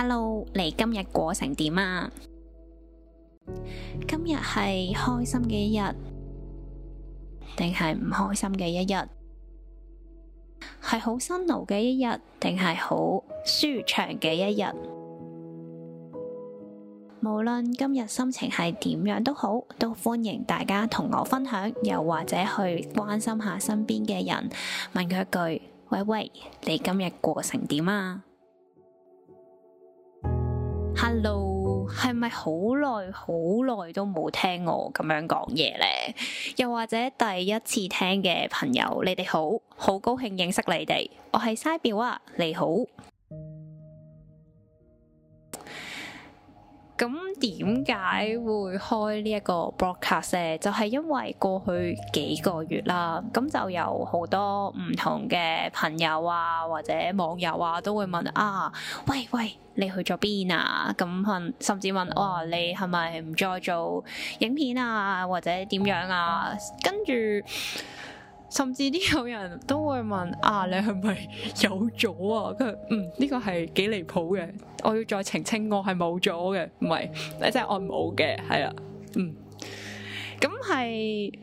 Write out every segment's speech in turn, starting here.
Hello，你今日過成點啊？今日係開心嘅一日，定係唔開心嘅一日？係好辛勞嘅一日，定係好舒暢嘅一日？無論今日心情係點樣都好，都歡迎大家同我分享，又或者去關心下身邊嘅人，問佢一句：喂喂，你今日過成點啊？Hello，係咪好耐好耐都冇聽我咁樣講嘢呢？又或者第一次聽嘅朋友，你哋好，好高興認識你哋，我係篩表啊，你好。咁點解會開呢一個 broadcast？就係因為過去幾個月啦，咁就有好多唔同嘅朋友啊，或者網友啊，都會問啊，喂喂，你去咗邊啊？咁甚至問哦、啊，你係咪唔再做影片啊，或者點樣啊？跟住。甚至啲有人都會問啊，你係咪有咗啊？跟住嗯，呢個係幾離譜嘅，我要再澄清我，我係冇咗嘅，唔係，即係我冇嘅，係啦，嗯，咁係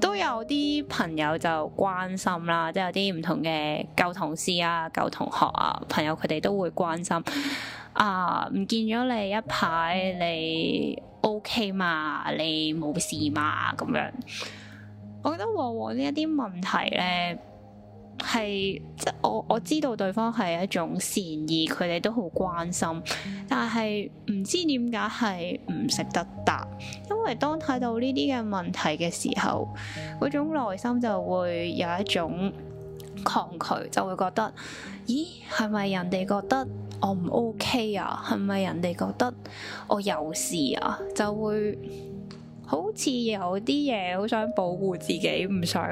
都有啲朋友就關心啦，即係有啲唔同嘅舊同事啊、舊同學啊、朋友，佢哋都會關心啊，唔見咗你一排，你 OK 嘛？你冇事嘛？咁樣。我覺得往往呢一啲問題咧，係即我我知道對方係一種善意，佢哋都好關心，但係唔知點解係唔識得答，因為當睇到呢啲嘅問題嘅時候，嗰種內心就會有一種抗拒，就會覺得，咦係咪人哋覺得我唔 OK 啊？係咪人哋覺得我有事啊？就會。好似有啲嘢好想保護自己，唔想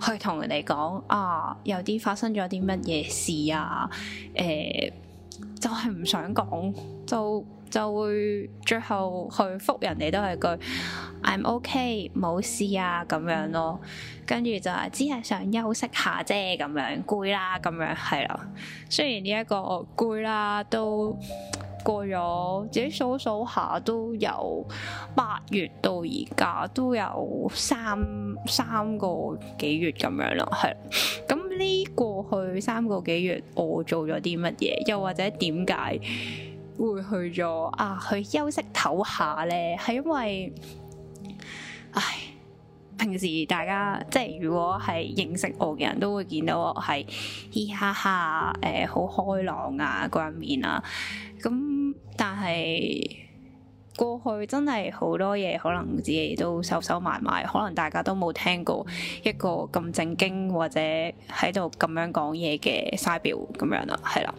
去同人哋講啊，有啲發生咗啲乜嘢事啊，誒，就係唔想講，就就會最後去覆人哋都係句 I'm OK 冇事啊咁樣咯，跟住就係只係想休息下啫，咁樣攰啦，咁樣係啦。雖然呢一個攰啦都。過咗自己數數下，都有八月到而家都有三三個幾月咁樣啦，係。咁呢過去三個幾月，我做咗啲乜嘢？又或者點解會去咗啊去休息唞下咧？係因為，唉，平時大家即係如果係認識我嘅人都會見到我係嘻哈哈，誒、呃、好開朗啊嗰一面啊，咁。但係過去真係好多嘢，可能自己都收收埋埋，可能大家都冇聽過一個咁正經或者喺度咁樣講嘢嘅師表咁樣啦，係啦。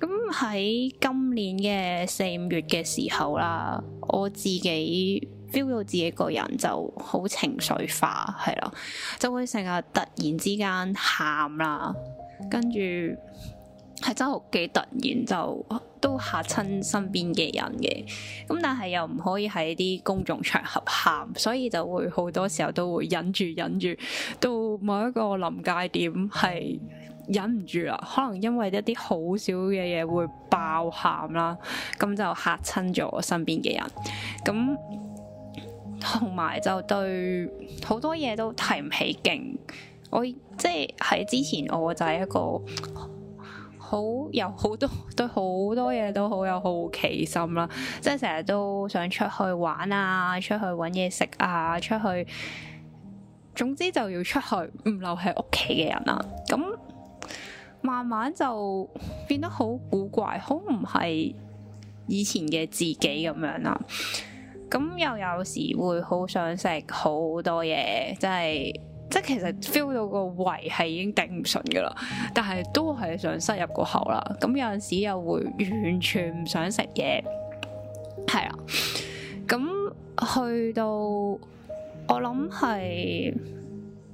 咁喺今年嘅四五月嘅時候啦，我自己 feel 到自己個人就好情緒化，係啦，就會成日突然之間喊啦，跟住。係真係好幾突然就都吓親身邊嘅人嘅，咁但係又唔可以喺啲公眾場合喊，所以就會好多時候都會忍住忍住，到某一個臨界點係忍唔住啦。可能因為一啲好少嘅嘢會爆喊啦，咁就吓親咗我身邊嘅人。咁同埋就對好多嘢都提唔起勁。我即係喺之前，我就係一個。好有好多對好多嘢都好有好奇心啦，即係成日都想出去玩啊，出去搵嘢食啊，出去，總之就要出去，唔留喺屋企嘅人啦。咁慢慢就變得好古怪，好唔係以前嘅自己咁樣啦。咁又有時會好想食好多嘢，即係。即係其實 feel 到個胃係已經頂唔順噶啦，但係都係想塞入個口啦。咁有陣時又會完全唔想食嘢，係啦。咁去到我諗係。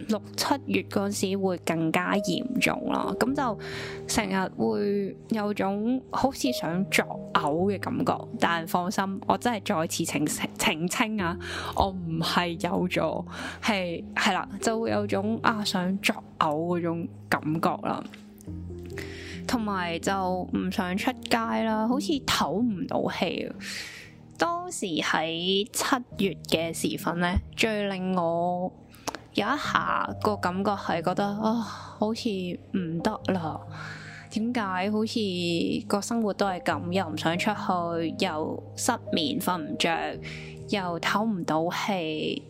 六七月嗰時會更加嚴重啦，咁就成日會有種好似想作嘔嘅感覺。但放心，我真係再次澄清澄清啊，我唔係有咗，係係啦，就會有種啊想作嘔嗰種感覺啦。同埋就唔想出街啦，好似唞唔到氣。當時喺七月嘅時分咧，最令我。有一下個感覺係覺得啊、哦，好似唔得啦！點解好似個生活都係咁？又唔想出去，又失眠、瞓唔着，又唞唔到氣，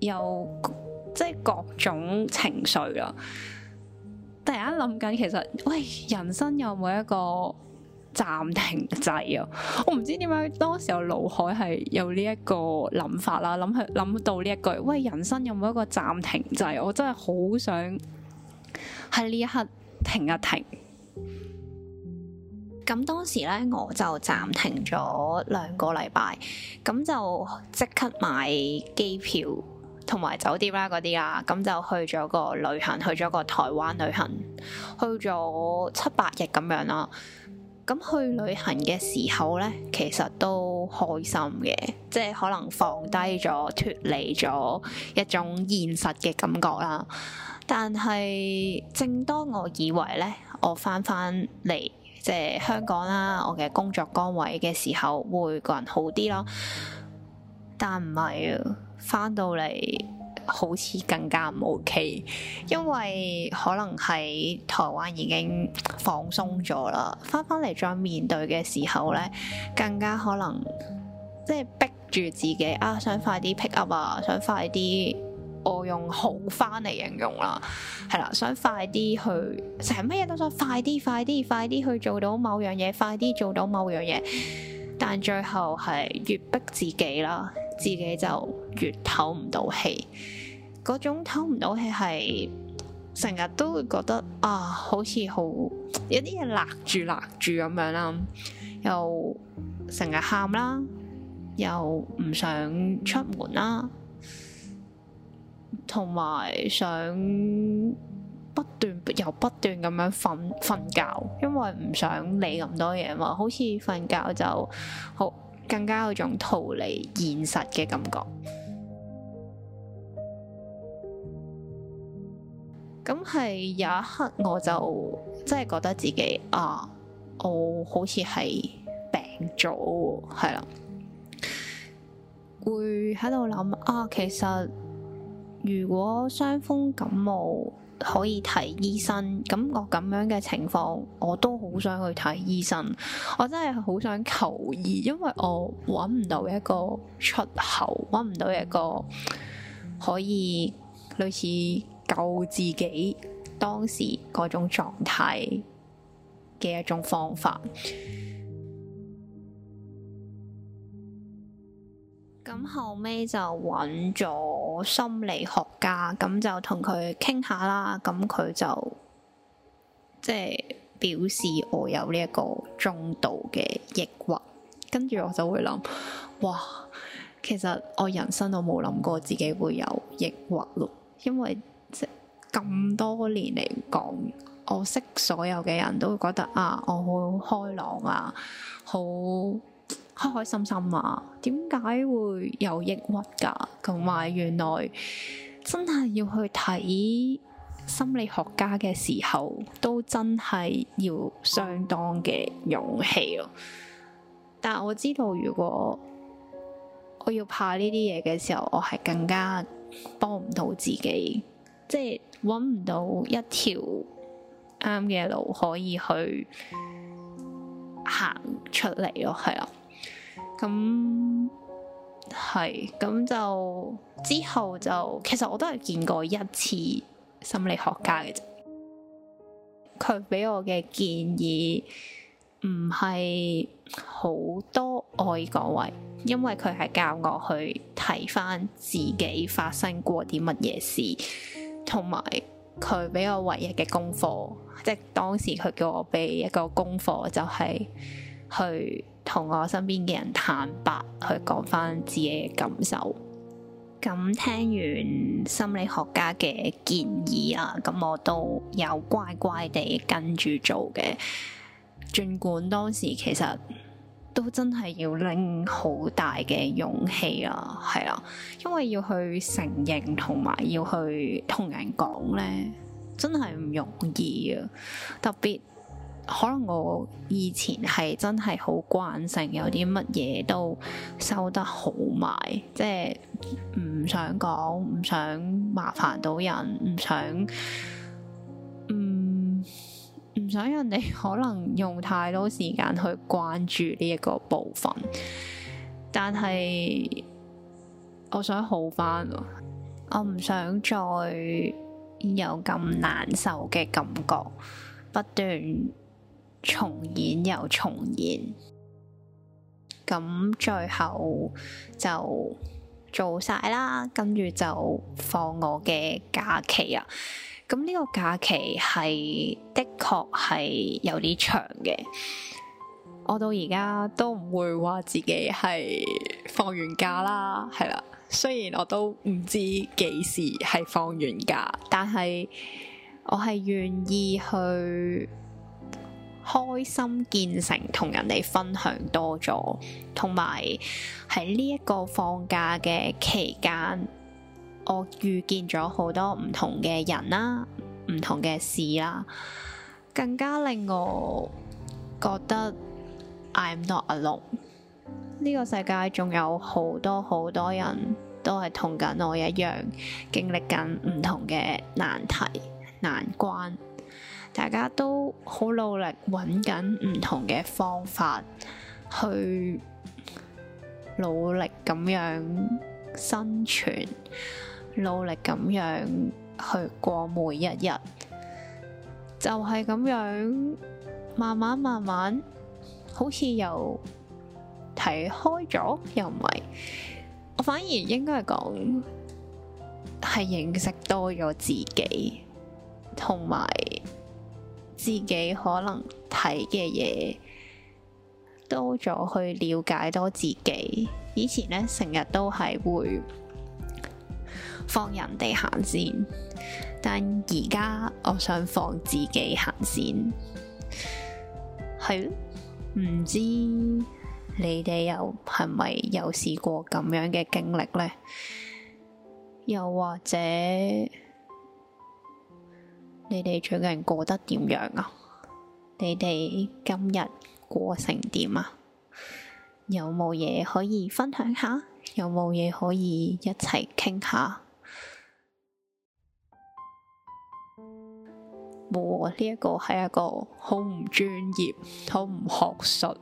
又即係各種情緒啦！突然間諗緊，其實喂，人生有冇一個。暫停掣啊！我唔知點解當時我腦海係有呢一個諗法啦，諗去諗到呢一句，喂，人生有冇一個暫停掣？我真係好想喺呢一刻停一停。咁當時咧，我就暫停咗兩個禮拜，咁就即刻買機票同埋酒店啦，嗰啲啊。咁就去咗個旅行，去咗個台灣旅行，去咗七八日咁樣啦。咁去旅行嘅時候呢，其實都開心嘅，即係可能放低咗、脫離咗一種現實嘅感覺啦。但係，正當我以為呢，我翻翻嚟即係香港啦，我嘅工作崗位嘅時候會個人好啲咯，但唔係啊，翻到嚟。好似更加唔 OK，因為可能喺台灣已經放鬆咗啦，翻翻嚟再面對嘅時候咧，更加可能即係逼住自己啊，想快啲 pick up 啊，想快啲，我用好翻嚟形容啦，係啦，想快啲去，成乜嘢都想快啲，快啲，快啲去做到某樣嘢，快啲做到某樣嘢，但最後係越逼自己啦。自己就越唞唔到氣，嗰種唞唔到氣係成日都會覺得啊，好似好有啲嘢勒住勒住咁樣啦，又成日喊啦，又唔想出門啦，同埋想不斷又不斷咁樣瞓瞓覺，因為唔想理咁多嘢嘛，好似瞓覺就好。更加有種逃離現實嘅感覺，咁係有一刻我就真係覺得自己啊，我好似係病咗喎，係啦，會喺度諗啊，其實如果傷風感冒，可以睇醫生，咁我咁樣嘅情況，我都好想去睇醫生。我真係好想求醫，因為我揾唔到一個出口，揾唔到一個可以類似救自己當時嗰種狀態嘅一種方法。咁後尾就揾咗。我心理學家咁就同佢傾下啦，咁佢就即係、就是、表示我有呢一個中度嘅抑鬱。跟住我就會諗，哇，其實我人生都冇諗過自己會有抑鬱咯，因為即咁、就是、多年嚟講，我識所有嘅人都會覺得啊，我好開朗啊，好。開開心心啊，點解會有抑鬱噶？同埋原來真係要去睇心理學家嘅時候，都真係要相當嘅勇氣咯。但係我知道，如果我要怕呢啲嘢嘅時候，我係更加幫唔到自己，即係搵唔到一條啱嘅路可以去行出嚟咯。係啊。咁係，咁就之後就，其實我都係見過一次心理學家嘅啫。佢俾我嘅建議唔係好多愛各位，因為佢係教我去睇返自己發生過啲乜嘢事，同埋佢俾我唯一嘅功課，即係當時佢叫我俾一個功課，就係去。同我身邊嘅人坦白，去講翻自己嘅感受。咁聽完心理學家嘅建議啊，咁我都有乖乖地跟住做嘅。盡管當時其實都真係要拎好大嘅勇氣啊，係啊，因為要去承認同埋要去同人講呢，真係唔容易啊，特別。可能我以前係真係好慣性，有啲乜嘢都收得好埋，即係唔想講，唔想麻煩到人，唔想唔、嗯、唔想人哋可能用太多時間去關注呢一個部分。但係我想好翻，我唔想再有咁難受嘅感覺，不斷重演又重演，咁最後就做晒啦，跟住就放我嘅假期啊！咁呢個假期係的確係有啲長嘅，我到而家都唔會話自己係放完假啦，係喇。雖然我都唔知幾時係放完假，但係我係願意去開心見誠同人哋分享多咗，同埋喺呢一個放假嘅期間，我遇見咗好多唔同嘅人啦，唔同嘅事啦，更加令我覺得 I'm not alone。呢個世界仲有好多好多人都係同緊我一樣，經歷緊唔同嘅難題難關。大家都好努力揾緊唔同嘅方法，去努力咁樣生存，努力咁樣去過每一日，就係咁樣，慢慢慢慢，好似又睇開咗，又唔係，我反而應該係講係認識多咗自己，同埋，自己可能睇嘅嘢多咗，去了解多自己。以前呢，成日都係會放人哋行先，但而家我想放自己行先。係唔知你哋又係咪有試過咁樣嘅經歷呢？又或者？你哋最近過得點樣啊？你哋今日過成點啊？有冇嘢可以分享下？有冇嘢可以一齊傾下？我呢一個係一個好唔專業、好唔學術、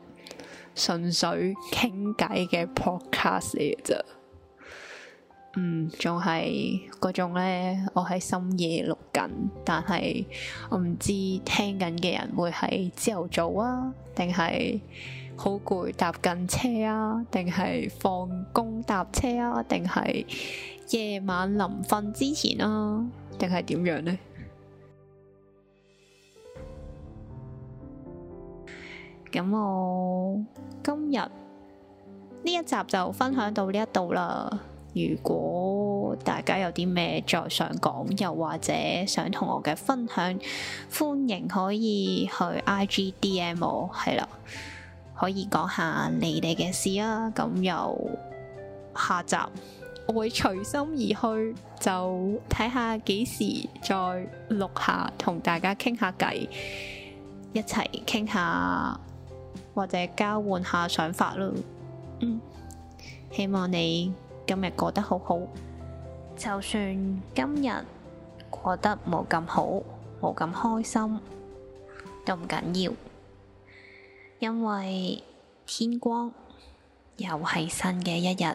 純粹傾偈嘅 podcast 嚟嘅啫。嗯，仲係嗰種呢。我喺深夜錄緊，但係我唔知聽緊嘅人會喺朝頭早啊，定係好攰搭緊車啊，定係放工搭車啊，定係夜晚臨瞓之前啊，定係點樣呢？咁我今日呢一集就分享到呢一度啦。如果大家有啲咩再想講，又或者想同我嘅分享，歡迎可以去 IG DM 我，係啦，可以講下你哋嘅事啊。咁又下集我會隨心而去，就睇下幾時再錄下同大家傾下偈，一齊傾下或者交換下想法咯。嗯，希望你今日過得好好，就算今日過得冇咁好，冇咁開心，都唔緊要，因為天光又係新嘅一日。